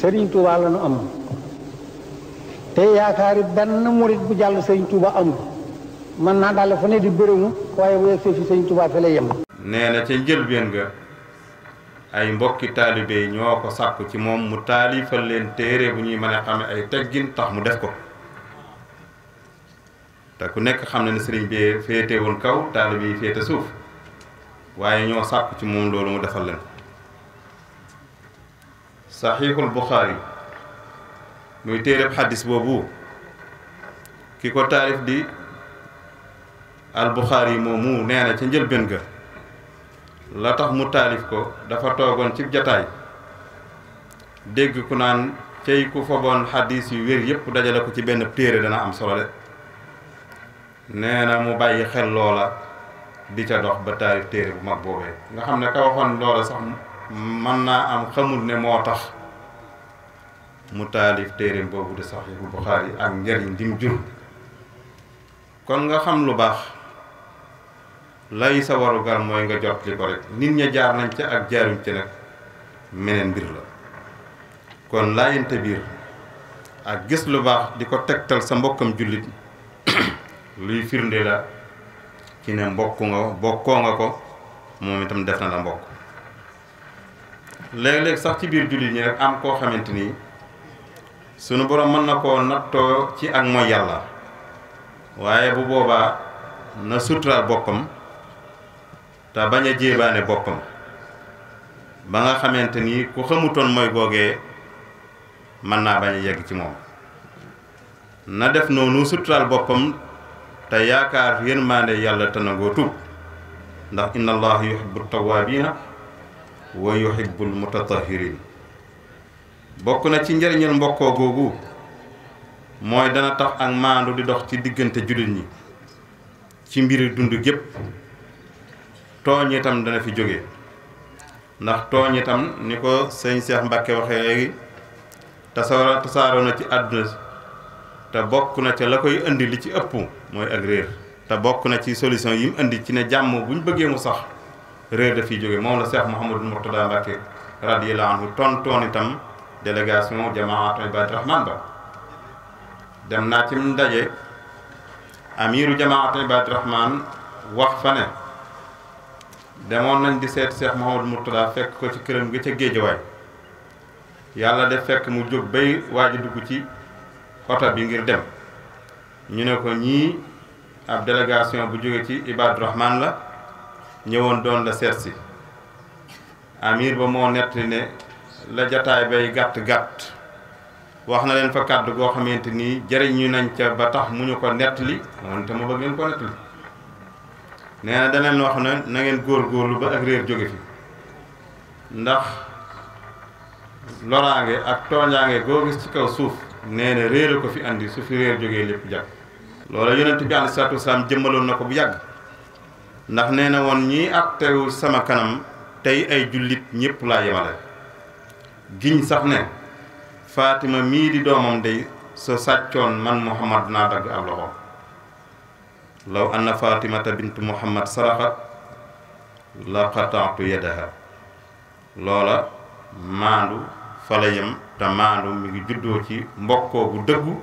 sëriñ Touba la am te yaakaar yaakaari benn murit bu jàll sëriñ Touba amul mën naa daal fu ne di bërëmu waaye bu yegsee fi sëriñ fi lay yem. nee na ca njëlbéen ga ay mbokki taalibe ñoo ko sàkku ci moom mu taalifal leen téere bu ñuy mën a xame ay teggin tax mu def ko te ku nekk xam na ne sëriñ bi féete woon kaw taalibe yi féete suuf waaye ñoo sàkku ci moom loolu mu defal leen. saxiixul yi muy téereb xaddis boobu ki ko taarif di al buxaari moomu nee na ca njëlbéen ga la tax mu taalif ko dafa toogoon ci jataay dégg ku naan cey ku foboon xaddis yu wér yépp dajale ko ci benn téere dana am solo de nee na mu bàyyi xel loola di ca dox ba taalif téere bu mag boobee nga xam ne ka waxoon loola sax mën naa am xamul ne moo tax mu taalif téeréem boobu de saxiixu Buxaari ak njariñ dim jur kon nga xam lu baax lay sa warugar mooy nga jot li ko rek nit ña jaar nañ ca ak jaaruñ ci nag meneen mbir la kon laayante biir ak gis lu baax di ko tegtal sa mbokkam jullit luy firnde la ci ne mbokku nga nga ko moom itam def na la mbokk léeg-léeg sax ci biir jullit ñi rek am koo xamante ni sunu borom mën na koo nattoo ci ak mooy yàlla waaye bu boobaa na suturaal boppam te bañ a jéebaane boppam ba nga xamante ni ku xamutoon mooy boogee mën naa bañ a yegg ci moom na def noonu suturaal boppam te yaakaar yërmaande yàlla te nangoo tuub ndax inna allaha yuhibbu tawaabiina wa yuhibbul mutatahirin bokk na ci njëriñal mbokkoo googu mooy dana tax ak maandu di dox ci diggante jullit ñi ci mbiri dund gépp tooñ itam dana fi jóge ndax tooñ itam ni ko sëñ Cheikh Mbacke waxee léegi tasaara tasaaroo na ci àdduna te bokk na ca la koy indi li ci ëpp mooy ak réer te bokk na ci solution yi indi ci ne jàmm bu ñu bëggee mu sax réer da fiy jóge moom la seex Cheikh Mouhamadou Mourtada Mbacké radiyallahu anhu tontoon itam délégation jamaatu Ibaadu Rahmaan ba dem naa ci mu ndaje amiru jamaatu Ibaadu Rahmaan wax fa ne demoon nañ di seet Cheikh Mouhamadou Mourtada fekk ko ci këram gi ca géejawaay yàlla def fekk mu jóg bay waaj dugg ci oto bi ngir dem ñu ne ko ñii ab délégation bu jóge ci Ibaadu Rahmaan la ñëwoon doon la seet si amir ba moo nett ne la jataay bay gàtt-gàtt wax na leen fa kàddu goo xamante nii jëriñu nañ ca ba tax mu ñu ko nettali moom te na daneen wax na na góor góorlu ba ak réer jóge fi ndax loraange ak tooñaange goo gis ci kaw suuf nee na réer ko fi indi su fi réer jógee lépp jàpp loola yonent bi aleyhi salaatu wa salaam jëmmaloon na ko bu yàgg ndax nee na woon ñiy àttewul sama kanam tey ay jullit ñépp laa yemale giñ sax ne Fatima mii di doomam de sa sàccoon man Muhammad naa dagg ab loxo law anna Fatimata bint Muhammad saraxat la qataatu loola maandu fa la yem te maandu mi ngi juddoo ci mbokkoo bu dëggu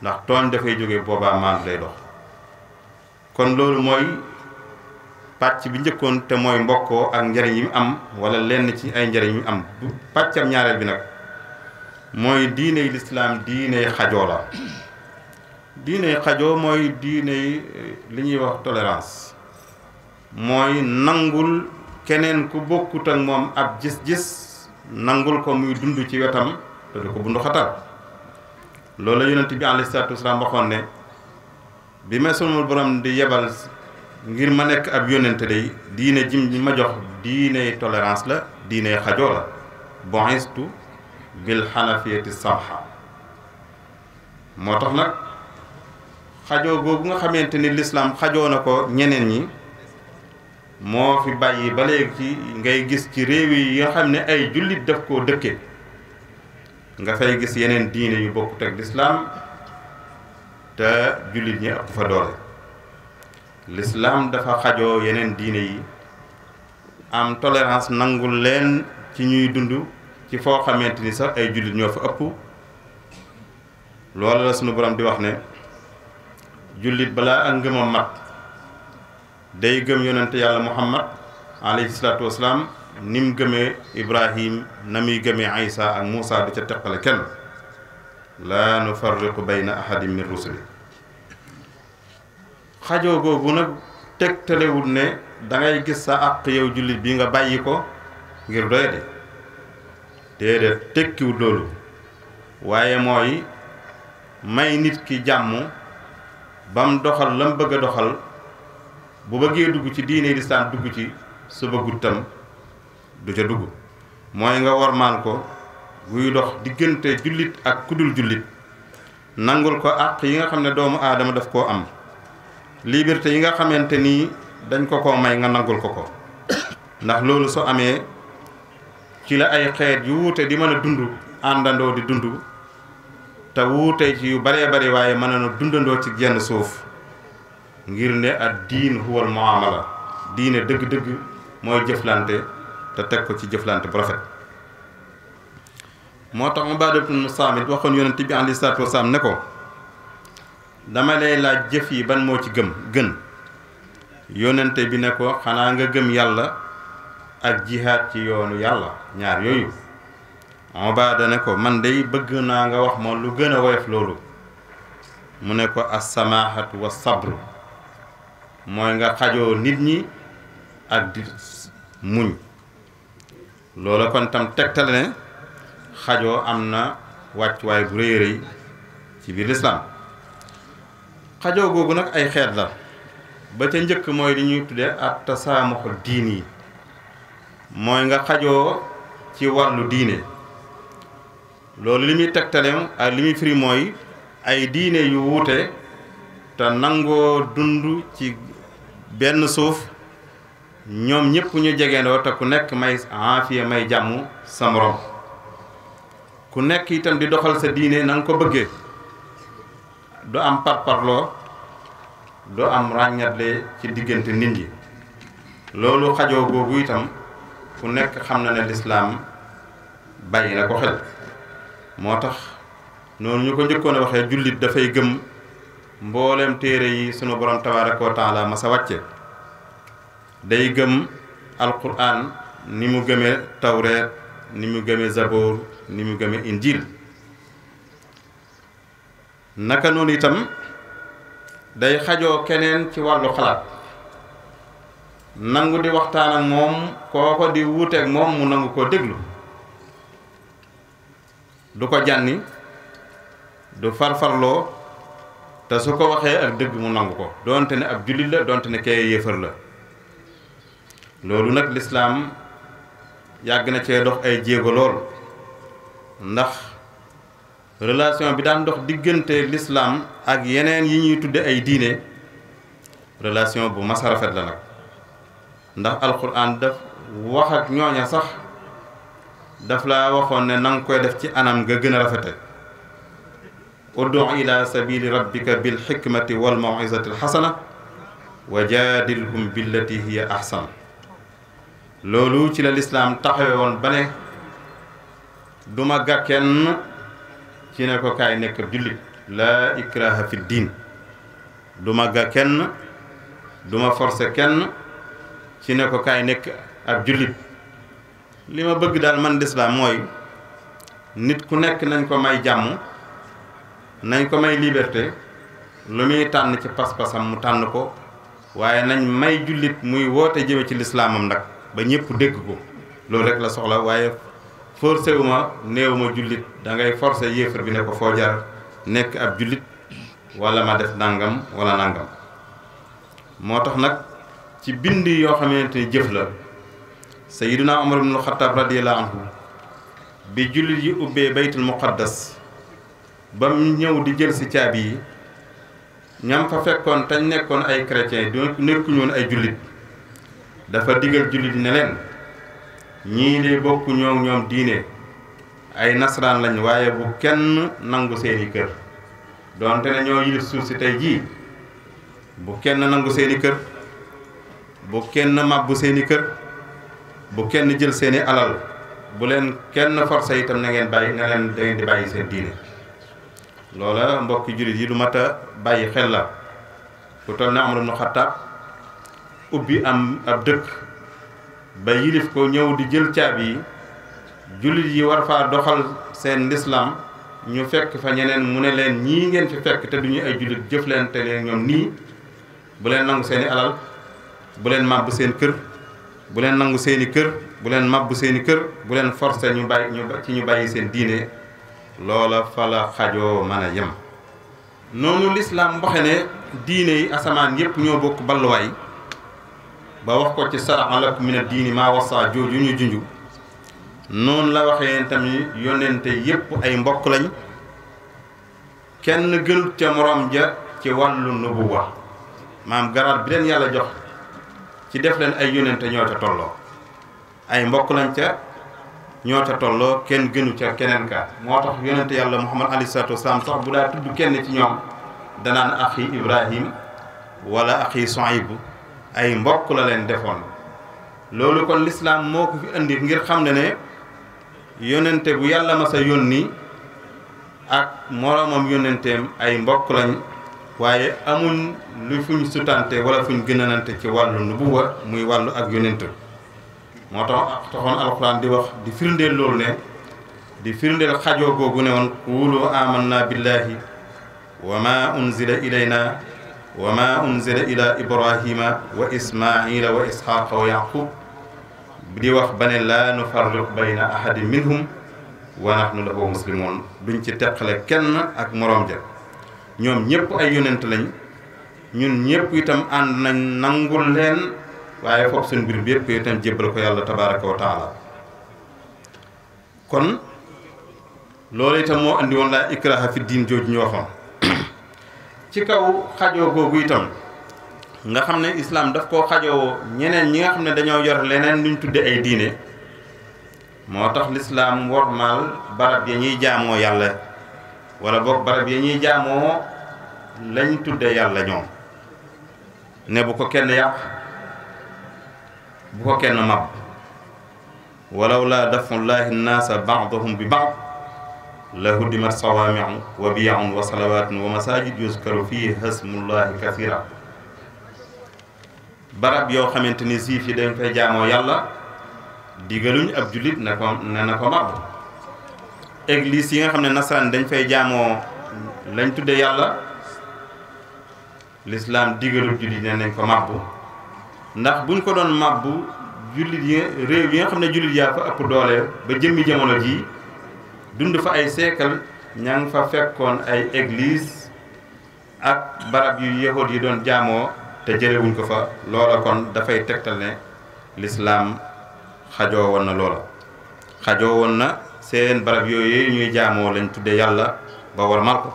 ndax tooñ dafay jóge booba maandu lay dox kon loolu mooy pàcc bi njëkkoon te mooy mbokkoo ak njëriñ yi mu am wala lenn ci ay njëriñ yi mu am bu pàccam ñaareel bi nag mooy diiney lislaam diiney xajoo la diiney xajoo mooy diiney eh, li ñuy wax tolérance mooy nangul keneen ku bokkut ak moom ab gis-gis nangul ko muy dund ci wetam te du ko bundu xatal loolu la yonent bi alayhi salaatu wasalaam waxoon ne bi ma borom di yebal ngir ma nekk ab yónnente day diine ji ma jox diiney tolérance la diiney xajoo la boistu bil xanafiyati samha moo tax nag xajoo boobu nga xamante ni lislaam xajoo na ko ñeneen ñi moo fi bàyyi ba léegi ci ngay gis ci réew yi nga xam ne ay jullit daf koo dëkke nga fay gis yeneen diine yu bokkut ak lislaam te jullit ñi ëpp fa doole lislaam dafa xajoo yeneen diine yi am tolérance nangul leen ci ñuy dund ci foo xamante ni sax ay jullit ñoo fa ëpp loolu la sunu borom di wax ne jullit balaa ak ngëm a mat day gëm yonente yàlla muhammad alayhi salaatu wasalaam ni mu gëmee ibrahim na muy gëmee isa ak muusa du ca teqale kenn laa nufarriqu bayna ahadin min rusuli xajoo googu nag tegtalewul ne da gis sa àq yow jullit bi nga bàyyi ko ngir doy de déedéet tekkiwul loolu waaye mooy may nit ki jàmm bam doxal lam bëgg a doxal bu bëggee dugg ci diine lislaam dugg ci su bëggut tam du ca dugg mooy nga wormaal ko guy dox diggante jullit ak kudul jullit nangul ko àq yi nga xam ne doomu aadama daf koo am liberté yi nga xamante ni dañ ko ko may nga nangul ko ko ndax loolu su amee ci la ay xeet yu wuute di mën a dund àndandoo di dund te wuute ci yu baree bari waaye mën na dundandoo ci jenn suuf ngir ne ak diin huwal muamala diine dëgg-dëgg mooy jëflante te teg ko ci jëflante bu rafet moo tax Ubaadatu bnu Saamit waxoon yonent bi alayhi salaatu wasalaam ne ko dama lay laaj jëf yi ban moo ci gën gën yónnante bi ne ko xanaa nga gëm yàlla ak jihaad ci yoonu yàlla ñaar yooyu Ubaada ne ko man dey bëgg naa nga wax ma lu gën a woyof loolu mu ne ko as asamaahatu wa sabru mooy nga xajoo nit ñi ak di muñ loolu kon tam tegtale ne xajoo am na wàccuwaay bu rëy rëy ci biir lislaam xajoo googu nag ay xeet la ba ca njëkk mooy li ñuy tuddee at tasaamuxu diin yi mooy nga xajoo ci wàllu diine loolu li muy tegtaleem ak li muy firi mooy ay diine yu wuute te nangoo dund ci benn suuf ñoom ñëpp ñu jegeendoo te ku nekk may aafiya may jàmm sa morom ku nekk itam di doxal sa diine na nga ko bëggee du am parparloo du am ràññatle ci diggante nit ñi loolu xajoo boobu itam fu nekk xam na ne lislaam bàyyi na ko xel moo tax noonu ñu ko njëkkoon waxee jullit dafay gëm mboolem téere yi sunu borom tabaaraka wa taala ma sa wàcce day gëm alquran ni mu gëmee tawreet ni mu gëmee zaboor ni mu gëmee injil naka noonu itam day xajoo keneen ci wàllu xalaat nangu di waxtaan ak moom kooko di wuuteeg moom mu nangu ko déglu du ko jànni du farfarloo te su ko waxee ak dëgg mu nangu ko donte ne ab jullit la donte ne kay yéefar la loolu nag lislaam yàgg na cee dox ay jéego lool ndax relation bi daan dox diggante lislaam ak yeneen yi ñuy tudd ay diine relation bu mas rafet la nag ndax alquran daf wax ak sax daf laa waxoon ne na nga koy def ci anam nga gën a rafete uddu ila sabili rabbika bil xikmati wal mawizati alxasana wa jaadilhum billati hiya ahsan loolu ci la lislaam taxawe woon ba ne duma gàkkenn ci ne ko kaay nekk jullit laa ikraha fi diin du màgga kenn duma ma forcé kenn ci ne ko kaay nekk ab jullit li ma bëgg daal man lislaam mooy nit ku nekk nañ ko may jàmm nañ ko may liberté lu muy tànn ci pas-pasam mu tànn ko waaye nañ may jullit muy woote jëme ci lislaamam nag ba ñëpp dégg ko loolu rek la soxla waaye forcé wu ma néew ma jullit da ngay yéefar bi ne ko foo jaar nekk ab jullit walla ma def nangam walla nangam moo tax nag ci bind yoo xamante ni jëf la sayyiduna Umar ibn Khattab radiyallahu anhu bi jullit yi ubbee baytul muqaddas ba mu ñëw di jël si caabi yi ñam fa fekkoon tañ nekkoon ay chrétien du nekkuñu woon ay jullit dafa digal jullit ne leen ñii de bokku ñoo ñoom diine ay nasraan lañ waaye bu kenn nangu seeni kër donte ne ñoo yilif suuf si tey jii bu kenn nangu seeni kër bu kenn màbbu seeni kër bu kenn jël seeni alal bu leen kenn forcé itam na ngeen bàyyi na leen da ngeen di bàyyi seen diine loola mbokki jullit yi du mat a bàyyi xel la ku toll na Amar ibn Xattaab ubbi am ab dëkk ba yilif ko ñëw di jël caabi yi jullit yi war faa doxal seen lislaam ñu fekk fa ñeneen mu ne leen ñii ngeen fi fekk te duñu ay jullit jëf leen te leen ñoom nii bu leen nangu seeni alal bu leen màbb seen kër bu leen nangu seeni kër bu leen màbb seeni kër bu leen forcé ñu bàyyi ci ñu bàyyi seen diine loola fa la xajoo mën a yem noonu lislaam waxe ne diine yi asamaan yépp ñoo bokk balluwaay ba wax ko ci shar'a lakum ne diini maa wasaa yu ñu junju noonu la waxee tamit yonente yépp ay mbokk lañ kenn gënu ca morom ja ci wàllu nubuwa maam garaat bi leen yàlla jox ci def leen ay yonente ñoo ca tolloo ay mbokk lañ ca ñoo ca tolloo kenn gënu ca keneen ka moo tax yonente yàlla muhammad aleyhi salaatu wasalaam sax bu daa tudd kenn ci ñoom danaan axi ibrahim wala axi soaybu ay mbokk la leen defoon loolu kon lislaam moo ko fi indi ngir xam ne ne yónnente bu yàlla mas a yónni ak moroomam yónnenteem ay mbokk lañ waaye amuñ lu fuñ sutante wala fuñ gënanante ci wàllu nubuwa muy wàllu ak yónnent moo tax taxoon alxuraan di wax di firndeel loolu ne di firndeel xajoo googu ne woon quulu amanna billahi wa ma unzila ilayna wa ma unzila ila ibrahima wa ismaila wa isxaqa wa yaqub di wax ba ne laa nufarriq bayna ahadin minhum wa nahnu lahu muslimun duñ ci teqale kenn ak moroom ja ñoom ñëpp ay yonent lañ ñun ñëpp itam ànd nañ nangul leen waaye foofu suñ mbir bi yëpp itam jébbal ko yàlla tabaraka wa taala kon loolu itam moo indi woon laa ikraha fi diin jooju ñu waxoon ci kaw xajoo googu itam nga xam ne islaam daf koo xajoo ñeneen ñi nga xam ne dañoo yor leneen luñ tudde ay diine moo tax lislaam wormaal barab ya ñuy jaamoo yàlla walla boog barab yi ñuy jaamoo lañ tudde yàlla ñoom ne bu ko kenn yàq bu ko kenn mab walaw laa dafullahi nnaasa ba'dahum bi ba'd lahuddimat sawaamiu wa biyaun wa salawaatun wa masaajid yuzkaru fii hasmullahi kasira barab yoo xamante ni sii fi dañ fay jaamoo yàlla digaluñ ab jullit na ko ne na ko màbb église yi nga xam ne nasaraan dañ fay jaamoo lañ tudde yàlla lislaam digalul jullit ne nañ ko màbb ndax buñ ko doon màbb jullit yi réew yi nga xam ne jullit yaa fa ëpp doole ba jëmmi jamono jii dund fa ay siècle ña fa fekkoon ay église ak barab yu yahood yi doon jaamoo te jëlewuñ ko fa loola kon dafay tegtal ne lislaam xajoo woon na loola xajoo woon na seen barab yooyu ñuy jaamoo lañ tudde yàlla ba war ko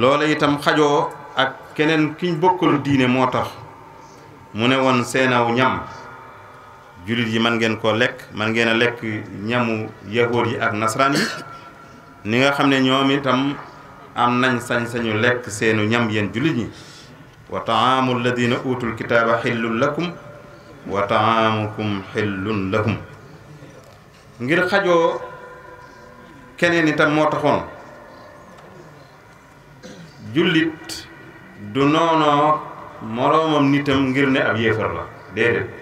loola itam xajoo ak keneen kiñ bokkalu diine moo tax mu ne woon seenaw ñam jullit yi man ngeen koo lekk man ngeen a lekk ñamu yahood yi ak nasaraan yi ni nga xam ne ñoom itam am nañ sañ-sañu lekk seenu ñam yéen jullit ñi wa la dina utul kitaaba xillun lakum wa taamukum xillun ngir xajoo keneen itam moo taxoon jullit du noonoo moroomam nitam ngir ne ab yéefar la déedéet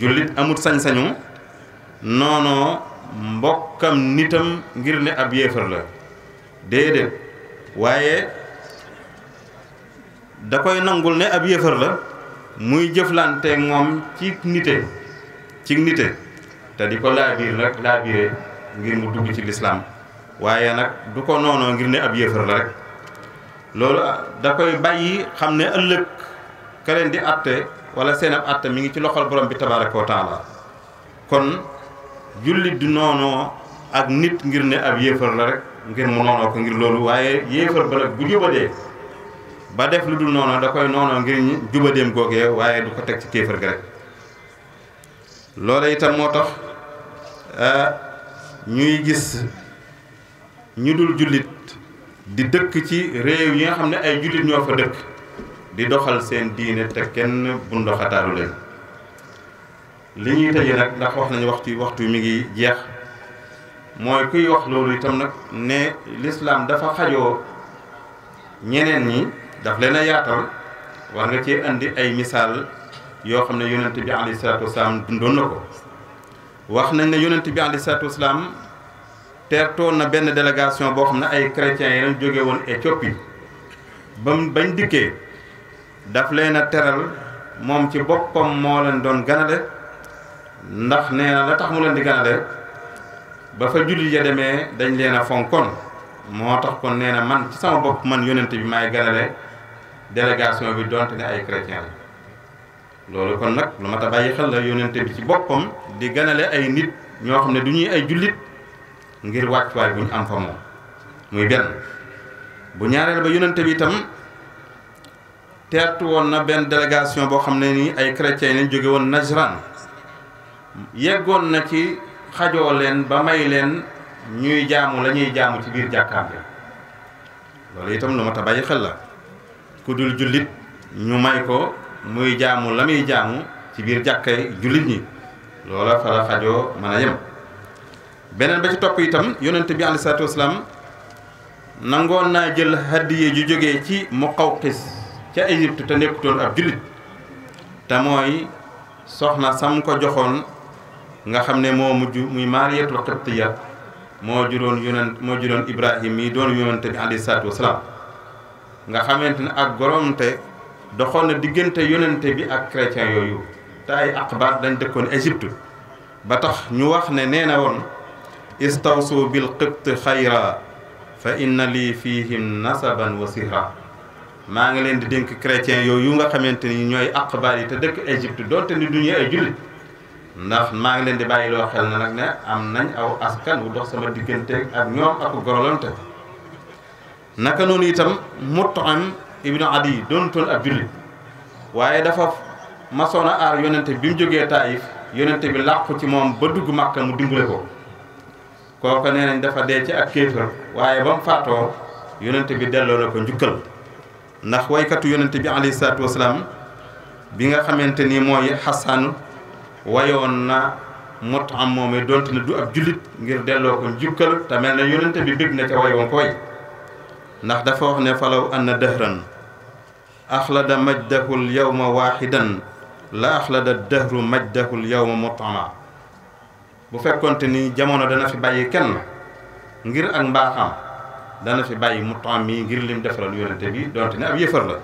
jullit amut sañ-sañu noonoo mbokkam nitam ngir ne ab yéefar la déedéet waaye da koy nangul ne ab yéefar la muy jëflante moom ci nite ci nite te di ko laabiir nag laabire ngir mu dugg ci lislaam waaye nag du ko noonoo ngir ne ab yéefar la rek loolu ah, da koy bàyyi xam ne ëllëg ka di àtte wala seen ab àtta mi ngi ci loxol borom bi tabaaraka wa taala kon jullit du noonoo ak nit ngir ne ab yéefar la rek ngir mu noonoo ko ngir loolu waaye yéefar ba nag bu jubadee ba def lu dul noonu da koy noonoo ngir jubadeem googee waaye du ko teg ci kéefar gi rek loola itam moo tax euh, ñuy gis ñu dul jullit di dëkk ci réew yi nga xam ne ay jullit ñoo fa dëkk di doxal seen diine te kenn bundoxataalu leen li ñuy tëje nag ndax wax nañu waxtu waxtu mi ngi jeex mooy kuy wax loolu itam nag ne lislaam dafa xajoo ñeneen ñi daf leen a yaatal war nga cee indi ay misaal yoo xam ne yonent bi alayhi salaatu wasalaam dundoon na ko wax nañ ne yonent bi alayhi salaatu wasalaam teertoon na benn délégation boo xam ne ay chrétiens yi lañ jóge woon Éthiopie ba bañ dikkee daf leen a teral moom ci boppam moo leen doon ganale ndax nee na la tax mu leen di ganale ba fa jullit ya demee dañ leen a fonkoon moo tax kon nee na man ci sama bopp man yonent bi maay ganale délégation bi donte ne ay chrétien loolu kon nag lu ma ta bàyyi xel la yonent bi ci boppam di ganale ay nit ñoo xam ne du ñuy ay jullit ngir wàccuwaay bu ñu am fa moom muy benn bu ñaareel ba yonent bi itam teertu woon na benn délégation boo xam ne nii ay chrétiens lañ jóge woon Najran yeggoon na ci xajoo leen ba may leen ñuy jaamu la ñuy jaamu ci biir jàkkaam bi loolu itam lu ma ta xel la ku dul jullit ñu may ko muy jaamu la muy jaamu ci biir jàkkay jullit ñi loola fa la xajoo mën a yem beneen ba ci topp itam yonent bi alayhi salaatu wasalaam nangoon naa jël hadiye ju jóge ci mu muqawqis ca Égypte te nekkutoon ab jullit te mooy soxna sam ko joxoon nga xam ne moo mu muy Maariyatul Qibtiya moo juróon yonent moo juróon Ibrahim mii doon yonent bi alayhi salaatu wasalaam nga xamante ne ak goromte doxoon na diggante yonent bi ak chrétien yooyu te ay aqbaat dañ dëkkoon Égypte ba tax ñu wax ne nee na woon istawsu bil qibt xayra fa inna lii fihim nasaban wa maa ngi leen di dénk chrétien yooyu nga xamante ni ñooy aqbaal yi te dëkk Égypte doonte ni du ñu ay jullit ndax maa ngi leen di bàyyi loo xel na nag ne am nañ aw askan wu dox sama diggante ak ñoom ak gorolante naka noonu itam Mut'im ibnu Adi doonutoon ab jullit waaye dafa masoon a aar yonente bi mu jógee Taïf yonente bi làqu ci moom ba dugg Màkka mu dimbale ko kooku nee nañ dafa dee ci ak kéefër waaye ba mu faatoo yonente bi delloo na ko njukkal ndax waykatu yonent bi alayhi salaatu wasalaam bi nga xamante ni mooy xasaan wayoon na Mut'im moomee donte na du ab jullit ngir delloo ko jukkal te mel na yonent bi bég na ca wayoon ko way ndax dafa wax ne falaw anna dëhran axlada majdahul yawma waaxidan la axlada dëhru majdahul yawma Mut'ima bu fekkonte ni jamono dana fi bàyyi kenn ngir ak mbaaxam dana fi bàyyi mu temps mii ngir lim defaral yonente bi dont ne ab yëfar la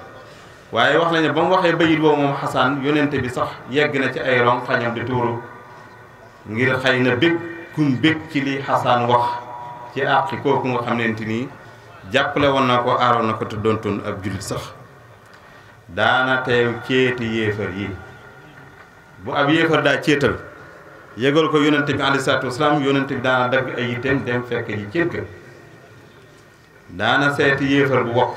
waaye wax nañu ne ba mu waxee bayit boobu moom xasaan yonente bi sax yegg na ci ay ron xañam di tuuru ngir xëy na bég kum bég ci li xasaan wax ci àqi kooku nga xam nente nii jàppale woon na ko aaroon na ko te doontoon ab jullit sax daana teew céeti yéefar yi bu ab yéefar daa céetal yëgal ko yonente bi alayhi salaatu wasalaam yonente bi daana dagg ay yitteem dem fekk ji céet daana seeti yéefar bu bokk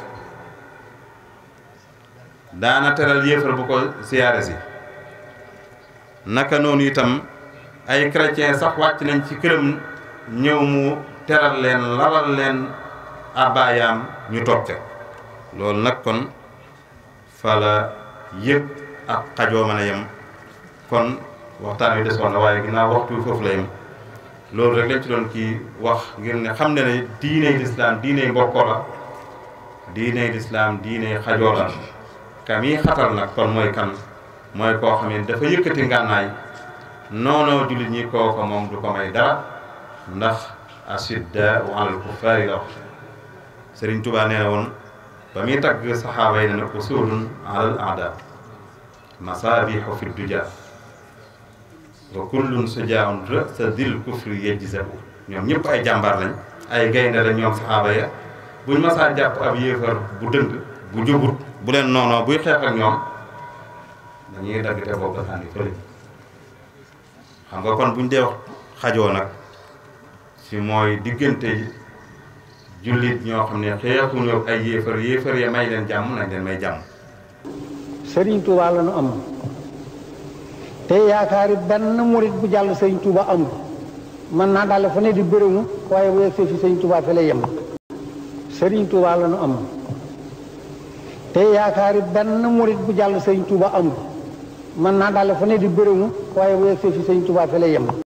daana teral yéefar bu ko siyaare si naka noonu itam ay chrétien sax wàcc nañ ci këram ñëw mu teral leen lalal leen abaayaam ñu toog ca loolu nag kon fala yëpp ak xajoo mën a yem kon waxtaan wi desoon na waaye ginnaaw waxtu foofu la loolu rek lañ ci doon kii wax ngir ne xam ne ne diiney lislaam diiney mbokkoo la diiney lislaam diiney xajoo la xatal nag kon mooy kan mooy koo xam ne dafa yëkkati ngànnaay noonoo jullit ñi kooko moom du ko may dara ndax asidda wa alal kuffaari la wax Sëriñ Tuubaa nee woon ba muy tagg saxaaba yi ne na usulun alal aada masaabiixu fi duja wa kullun sujaa'un sa dil kufri yajzabu ñoom ñëpp ay jàmbaar lañ ay gaynde lañ ñoom saxaaba ya buñ masaa jàpp ab yéefar bu dëng bu jubut bu leen noonoo buy xeex ak ñoom dañuy dagg te boobu sànni fële xam nga kon buñ dee xajoo nag si mooy diggante jullit ñoo xam ne xeexuñu ak ay yéefar yéefar ya may leen jàmm nañ leen may jàmm Sëriñ nu am te yaakaar yaakaari benn murit bu jàll sëñ Touba amul mën naa dal fa ne di bërëmu waaye bu yegsee fi sëñ Touba fi lay yem sëriñ Touba la nu am te yaakaar yaakaari benn murit bu jàll sëñ tuuba am mën naa dal fa ne di bërëmu waaye bu yegsee fi sëñ Touba fi lay yem